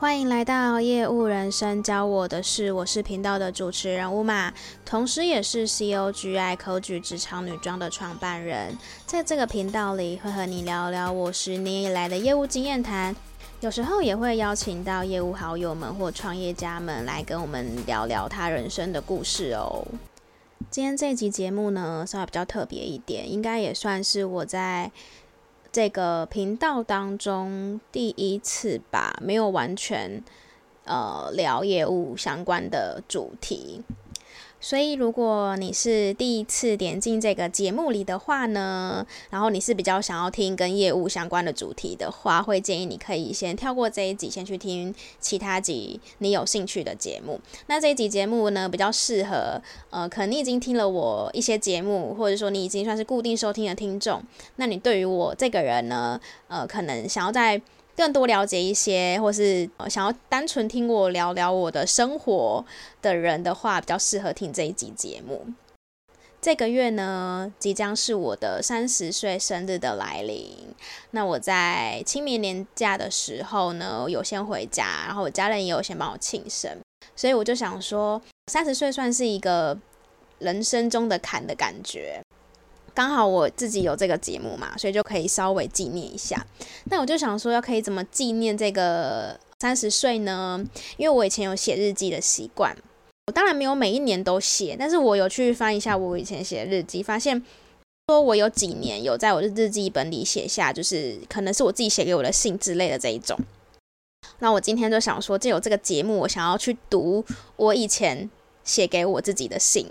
歡迎來到業務人生教我的是我是頻道的主持人物嘛，同時也是 C O G I 口具職場女裝的創辦人。在這個頻道裡，會和你聊聊我十年以來的業務經驗談，有時候也會邀請到業務好友們或創業家們來跟我們聊聊他人生的故事哦。今天這集節目呢，稍微比較特別一點，應該也算是我在。這個頻道當中第一次吧，沒有完全呃聊業務相關的主題。所以，如果你是第一次點進這個節目裡的話呢，然後你是比較想要聽跟業務相關的主題的話，會建議你可以先跳過這一集，先去聽其他集你有興趣的節目。那這一集節目呢，比較適合呃，可能你已經聽了我一些節目，或者說你已經算是固定收聽的聽眾，那你對於我這個人呢，呃，可能想要在更多了解一些，或是想要單純聽我聊聊我的生活的人的話，比較適合聽這一集節目。這個月呢，即將是我的三十歲生日的來臨。那我在清明年假的時候呢，我有先回家，然後我家人也有先幫我慶生，所以我就想說，三十歲算是一個人生中的坎的感覺。剛好我自己有這個節目嘛，所以就可以稍微紀念一下。那我就想說，要可以怎麼紀念這個三十歲呢？因為我以前有寫日記的習慣，我當然沒有每一年都寫，但是我有去翻一下我以前寫的日記，發現說我有幾年有在我的日記本裡寫下，就是可能是我自己寫給我的信之類的這一種。那我今天就想說，借由這個節目，我想要去讀我以前寫給我自己的信。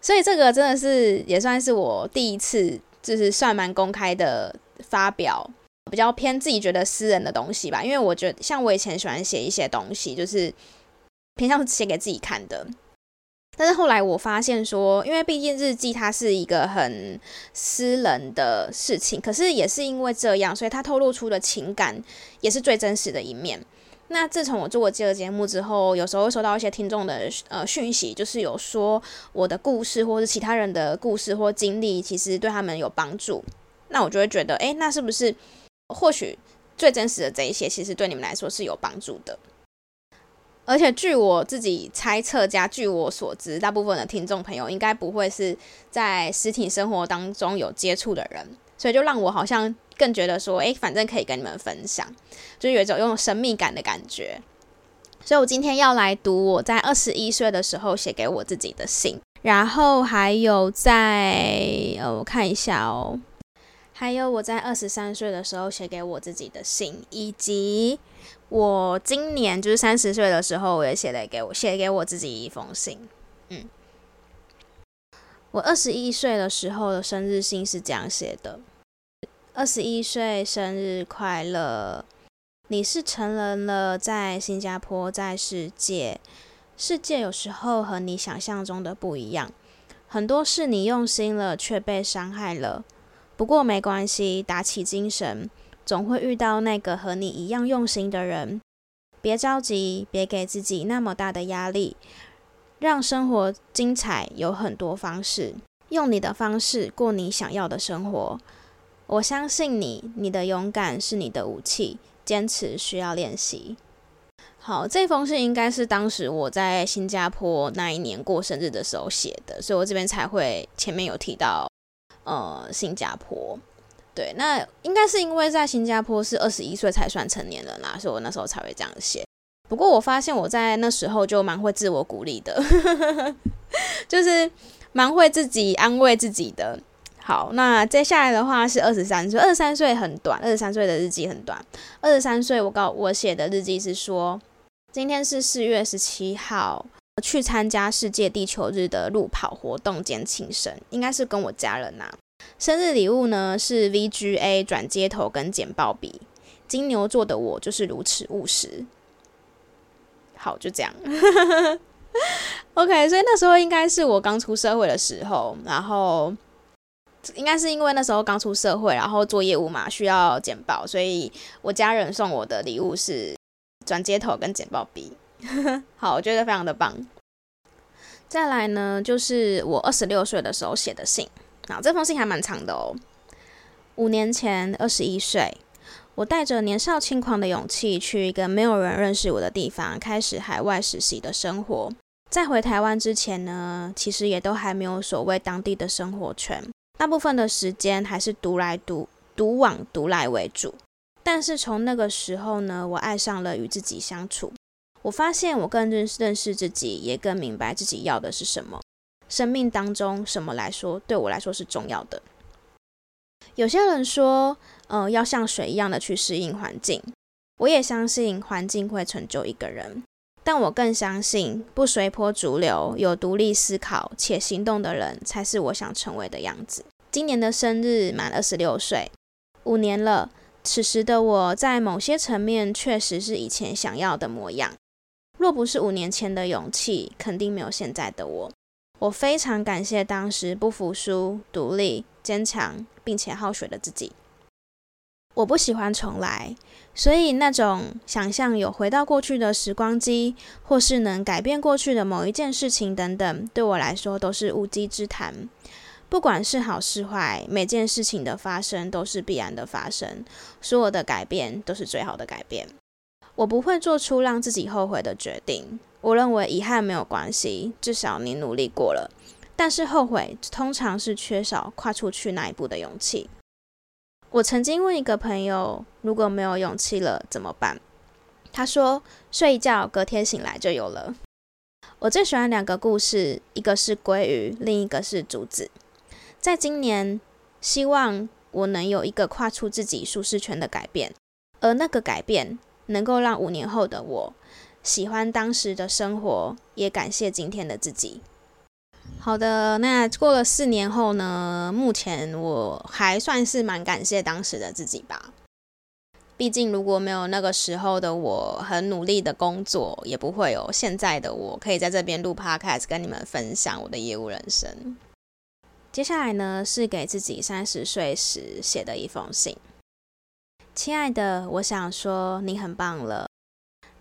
所以這個真的是也算是我第一次，就是算蠻公開的發表，比較偏自己覺得私人的東西吧。因為我覺得，像我以前喜歡寫一些東西，就是偏向寫給自己看的。但是後來我發現說，因為畢竟日記它是一個很私人的事情，可是也是因為這樣，所以它透露出的情感也是最真實的一面。那自從我做過這個節目之後，有時候會收到一些聽眾的呃訊息，就是有說我的故事，或是其他人的故事或經歷，其實對他們有幫助。那我就會覺得，誒、欸，那是不是或許最真實的這一些，其實對你們來說是有幫助的？而且據我自己猜測，加據我所知，大部分的聽眾朋友應該不會是在實體生活當中有接觸的人，所以就讓我好像，更覺得說，誒，反正可以跟你們分享，就是，有一種擁有神秘感的感覺。所以我今天要來讀我在二十一歲的時候寫給我自己的信，然後還有在呃、哦，我看一下哦，還有我在二十三歲的時候寫給我自己的信，以及我今年就是三十歲的時候，我也寫了給我寫給我自己一封信。嗯，我二十一歲的時候的生日信是這樣寫的。二十一歲生日快樂！你是成人了，在新加坡，在世界。世界有時候和你想象中的不一樣，很多事你用心了卻被傷害了。不過沒關係，打起精神，總會遇到那個和你一樣用心的人。別着急，別給自己那麼大的壓力。讓生活精彩有很多方式，用你的方式過你想要的生活。我相信你，你的勇敢是你的武器。堅持需要練習。好，這封信應該是當時我在新加坡那一年過生日的時候寫的，所以我這邊才會前面有提到，呃，新加坡。對，那應該是因為在新加坡是二十一歲才算成年人啦，所以我那時候才會這樣寫。不過我發現我在那時候就蠻會自我鼓勵的， 就是蠻會自己安慰自己的。好，那接下來的話是二十三歲。二十三歲很短，二十三歲的日記很短。二十三歲，我告我寫的日記是說，今天是四月十七號，去參加世界地球日的路跑活動兼慶生，應該是跟我家人吶、啊。生日禮物呢是 VGA 轉接頭跟簡報筆。金牛座的我就是如此務實。好，就這樣。 OK，所以那時候應該是我剛出社會的時候，然後。應該是因為那時候剛出社會，然後做業務嘛，需要簡報，所以我家人送我的禮物是轉接頭跟簡報筆。 好，我覺得非常的棒。 再來呢，就是我二十六歲的時候寫的信。啊，這封信還蠻長的哦、喔。五年前，二十一歲，我帶着年少輕狂的勇氣，去一個沒有人認識我的地方，開始海外實習的生活。在回台灣之前呢，其實也都還沒有所謂當地的生活圈。大部分的時間還是獨來獨獨往獨來為主，但是從那個時候呢，我愛上了與自己相處。我發現我更認識、認識自己，也更明白自己要的是什麼。生命當中什麼來說，對我來說是重要的。有些人說，呃，要像水一樣的去適應環境。我也相信環境會成就一個人。但我更相信，不隨波逐流、有獨立思考且行動的人，才是我想成為的樣子。今年的生日滿二十六歲，五年了。此時的我在某些層面，確實是以前想要的模樣。若不是五年前的勇氣，肯定沒有現在的我。我非常感謝當時不服輸、獨立、堅強並且好學的自己。我不喜歡重來，所以那種想象有回到過去的時光機，或是能改變過去的某一件事情等等，對我來說都是無稽之談。不管是好是壞，每件事情的發生都是必然的發生，所有的改變都是最好的改變。我不會做出讓自己後悔的決定，我認為遺憾沒有關係，至少你努力過了。但是後悔通常是缺少跨出去那一步的勇氣。我曾經問一個朋友，如果沒有勇氣了怎麼辦？他說：睡一覺，隔天醒來就有了。我最喜歡兩個故事，一個是鮭魚，另一個是竹子。在今年，希望我能有一個跨出自己舒適圈的改變，而那個改變能夠讓五年後的我喜歡當時的生活，也感謝今天的自己。好的，那過了四年後呢？目前我還算是蠻感謝當時的自己吧。畢竟如果沒有那個時候的我很努力的工作，也不會有現在的我，可以在這邊錄 podcast 跟你們分享我的業務人生。接下來呢，是給自己三十歲時寫的一封信。親愛的，我想說你很棒了。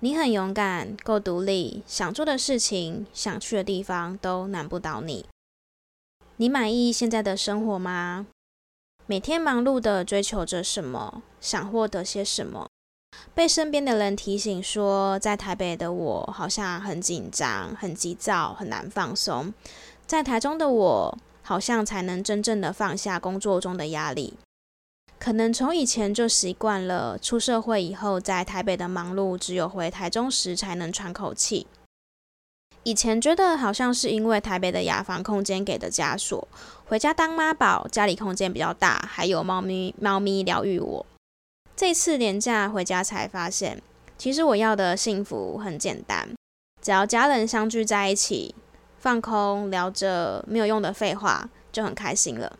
你很勇敢，夠獨立，想做的事情、想去的地方都難不倒你。你滿意現在的生活嗎？每天忙碌的追求着什麼，想獲得些什麼？被身邊的人提醒說，在台北的我好像很緊張、很急躁、很難放鬆；在台中的我，好像才能真正的放下工作中的壓力。可能從以前就習慣了，出社會以後在台北的忙碌，只有回台中時才能喘口氣。以前覺得好像是因為台北的雅房空間給的枷鎖，回家當媽寶，家裡空間比較大，還有貓咪貓咪療癒我。這次連假回家才發現，其實我要的幸福很簡單，只要家人相聚在一起，放空聊着沒有用的廢話，就很開心了。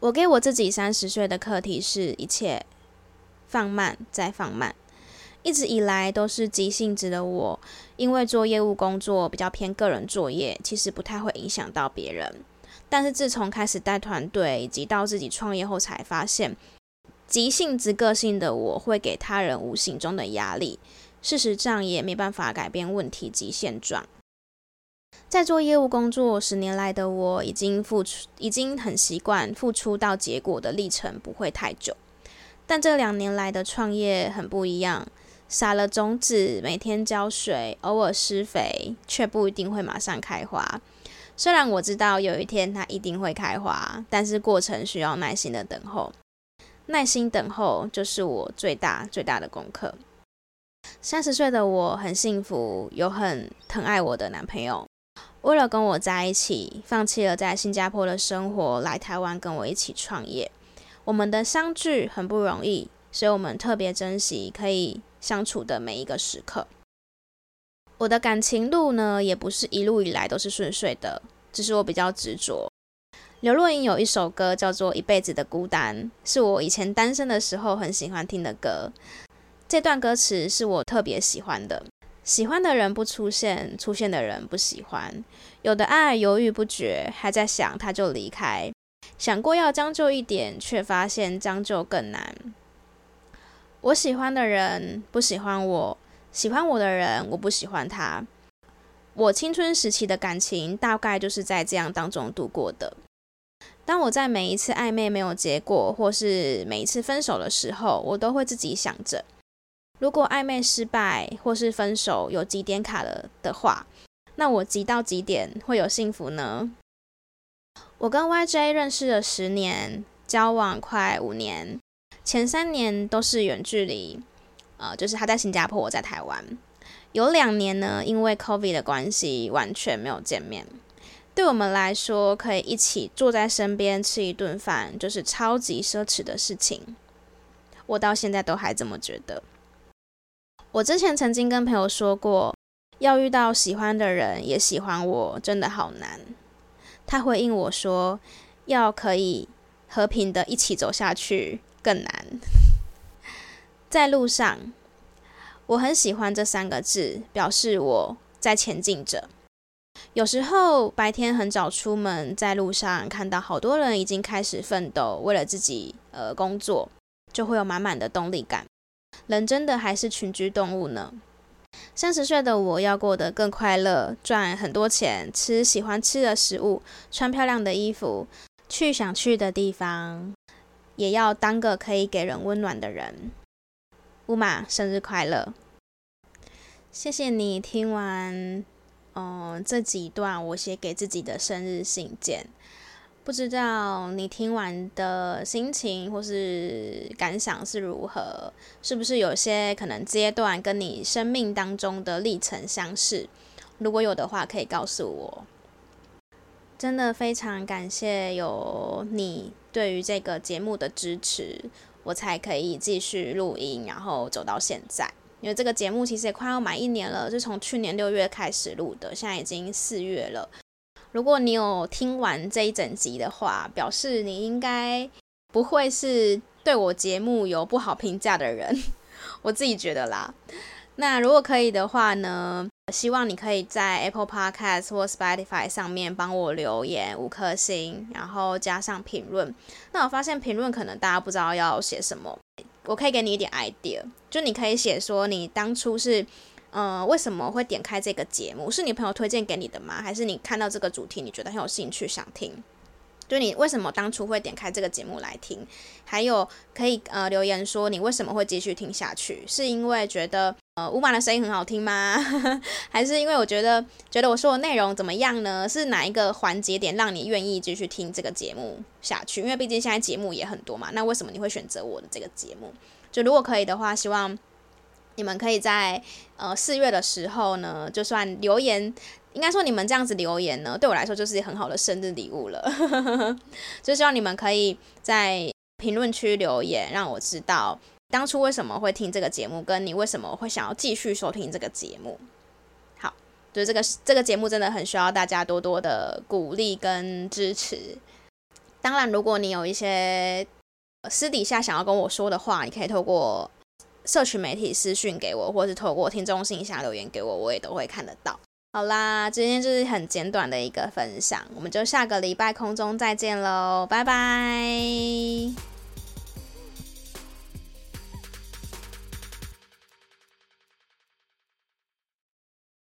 我給我自己三十歲的課題是：一切放慢，再放慢。一直以來都是急性子的我，因為做業務工作比較偏個人作業，其實不太會影響到別人。但是自從開始帶團隊，以及到自己創業後，才發現急性子個性的我會給他人無形中的壓力。事實上，也沒辦法改變問題及現狀。在做業務工作十年來的我，已經付出，已經很習慣付出到結果的歷程不會太久。但這兩年來的創業很不一樣，撒了種子，每天澆水，偶爾施肥，卻不一定會馬上開花。雖然我知道有一天它一定會開花，但是過程需要耐心的等候。耐心等候，就是我最大最大的功課。三十歲的我很幸福，有很疼愛我的男朋友。為了跟我在一起，放棄了在新加坡的生活，來台灣跟我一起創業。我們的相聚很不容易，所以我們特別珍惜可以相處的每一個時刻。我的感情路呢，也不是一路以來都是順遂的，只是我比較執着。劉若英有一首歌叫做《一輩子的孤單》，是我以前單身的時候很喜歡聽的歌。這段歌詞是我特別喜歡的。喜歡的人不出現，出現的人不喜歡。有的愛猶豫不決，還在想他就離開。想過要將就一點，卻發現將就更難。我喜歡的人不喜歡我，喜歡我的人我不喜歡他。我青春時期的感情大概就是在這樣當中度過的。當我在每一次曖昧沒有結果，或是每一次分手的時候，我都會自己想着。如果曖昧失敗或是分手有集點卡了的話，那我集到幾點會有幸福呢？我跟 YJ 認識了十年，交往快五年，前三年都是遠距離，呃，就是他在新加坡，我在台灣。有兩年呢，因為 COVID 的關係，完全沒有見面。對我們來說，可以一起坐在身邊吃一頓飯，就是超級奢侈的事情。我到現在都還這麼覺得。我之前曾經跟朋友說過，要遇到喜歡的人也喜歡我，真的好難。他回應我說，要可以和平的一起走下去更難。 在路上，我很喜歡這三個字，表示我在前進着。有時候白天很早出門，在路上看到好多人已經開始奮鬥，為了自己而、呃、工作，就會有滿滿的動力感。人真的還是群居動物呢？三十歲的我要過得更快樂，賺很多錢，吃喜歡吃的食物，穿漂亮的衣服，去想去的地方，也要當個可以給人溫暖的人。烏瑪生日快樂！謝謝你聽完，嗯、呃，這幾段我寫給自己的生日信件。不知道你聽完的心情或是感想是如何，是不是有些可能階段跟你生命當中的歷程相似？如果有的話，可以告訴我。真的非常感謝有你對於這個節目的支持，我才可以繼續錄音，然後走到現在。因為這個節目其實也快要滿一年了，是從去年六月開始錄的，現在已經四月了。如果你有聽完這一整集的話，表示你應該不會是對我節目有不好評價的人，我自己覺得啦。那如果可以的話呢，我希望你可以在 Apple Podcast 或 Spotify 上面幫我留言五顆星，然後加上評論。那我發現評論可能大家不知道要寫什麼，我可以給你一點 idea，就你可以寫說你當初是。呃，為什麼會點開這個節目，是你朋友推薦給你的嗎？還是你看到這個主題你覺得很有興趣想聽？就你為什麼當初會點開這個節目來聽？還有可以呃留言說你為什麼會繼續聽下去？是因為覺得呃 Uma 的聲音很好聽嗎？ 還是因為我覺得覺得我說的內容怎麼樣呢？是哪一個環節點讓你願意繼續聽這個節目下去？因為畢竟現在節目也很多嘛。那為什麼你會選擇我的這個節目？就如果可以的話，希望。你們可以在呃四月的時候呢，就算留言，應該說你們這樣子留言呢，對我來說就是很好的生日禮物了。 就希望你們可以在評論區留言，讓我知道當初為什麼會聽這個節目，跟你為什麼會想要繼續收聽這個節目。好，就是這個這個節目真的很需要大家多多的鼓勵跟支持。當然，如果你有一些私底下想要跟我說的話，你可以透過。社群媒體私訊給我，或是透過聽眾信箱留言給我，我也都會看得到。好啦，今天就是很簡短的一個分享，我們就下個禮拜空中再見嘍，拜拜。